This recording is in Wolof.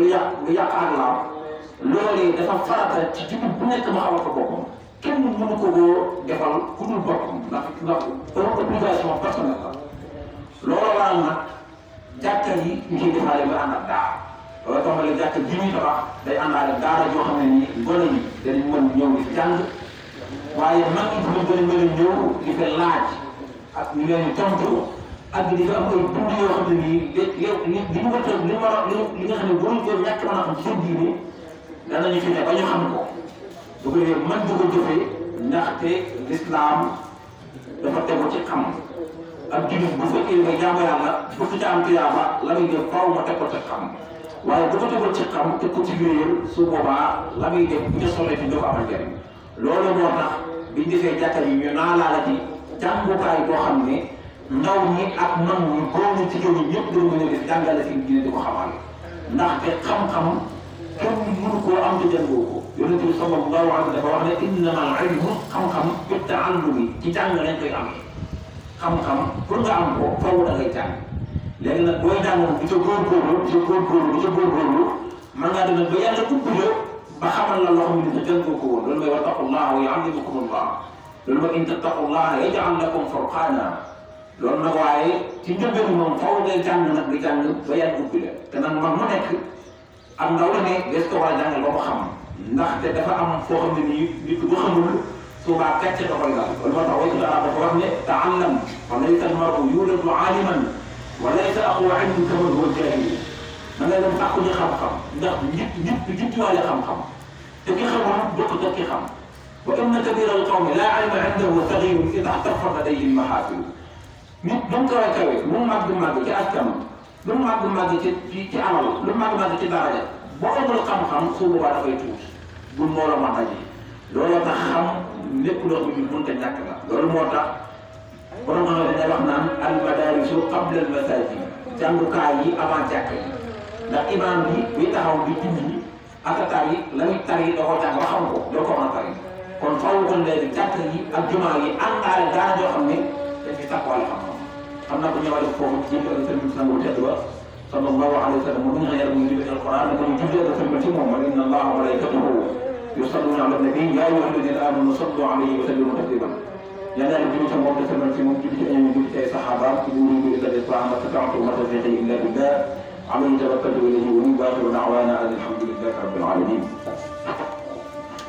lu yàq lu yàq dafa farata ci jullit bu nekk mu xamal ko boppam kenn mënu ko boo defal ku dul boppam ndax ndax obligation personnelle la loolu waral day àndaale daara joo xam ne nii gone yi dañu mën ñëw di jàng waaye mag yi tamit dañu mën a ñëw di laaj ak ñu leen tontu ak li dafa am ay tuuti yoo xam ne nii yow li mu war a li war a nga xam ne waruñ ko a xam seen diine danañu fexe ba xam ko bu ko defee mën ko jëfee ndaxte ci xam ak jullit bu nga jaamu yàlla bëgg ca am tuyaaba la muy ko xam waaye bu ko ci xam teg ko ci wéyal su boobaa yi boo xam ne ndaw ñi ak mag ñi góor ñi jigéen ñi ñëpp dañu mën a def jàngale fi diine di ko xamal ndaxte xam-xam kenn mënu koo am te jàngoo ko yonent bi sallallahu alayhi dafa wax ne innamal ilmu xam-xam bi taallumi ci jàng lañ koy amee xam-xam pour nga am ko foofu da ngay jàng léegi nag booy jàngoon bi ca góorgóorlu bi ca góorgóorlu bi ca góorgóorlu mën ngaa dem ba yàlla ubbi la ba xamal la loo xam ne jàngoo ko woon loolu mooy wattaqullaha wa yuallimukumullah loolu mooy in tattaqullaha yaj'al lakum furqana loolu nag waaye ci njëlbeen bi moom faaw ngay jàng nag di jàng ba yàgg ubbi la te nag man mu nekk am ndaw la ne des ko war a jàngal ba mu xam ndaxte dafa am foo xam ne nii nit ku xamul suubaa gàcce da koy daal loolu moo tax waytu arab dafa wax ne taallam wa laysa almaru yuladu aaliman wa laysa aqu ilmu kaman huwa jaahil na ngay dem sàkku ji xam-xam ndax nit nit jittuwaale xam-xam te ki xamul bokkut ak ki xam wa inna kabira alqawmi laa ilma indahu sagirun idaa xtafat ladayhi almahaafil nit lu mu kawe kawe lu mu màgg màgg ci askanam lu mu màgg ci ci amal lu mu màgg màgg ci daraja xam-xam su boobaa dafay tuuti bu mbooloo ma daje looloo tax xam lépp loo xam ne mënut a ñàkk la loolu moo tax borom xam dañuy wax naan al madaarisu qabla al masaajid jàngukaay yi avant jàkk yi ndax imaam bi buy taxaw bi julli ak a tari la muy tari da koo ba xam ko doo ko mën a tari kon faaw kon léegi jàkk yi ak jumaa yi àndaale xam naa ko ñëwale foofu ci sëriñ sang bu tedd ba sallallahu alayhi wa sallam mu yàlla mu julli alquran mu julli sëriñ ci moom inna allaha wa malaikatahu yusalluna ala nabi ya ayyuha alladhina amanu sallu alayhi wa sallimu taslima yàlla na julli ci moom te sëriñ ci moom julli ci ay julli ci ay saxaabaam ci ñu julli ci islam ak ta'atu wa tawfiqi illa billah alayhi tawakkaltu ilayhi wa min ba'du da'wana alhamdulillahi rabbil alamin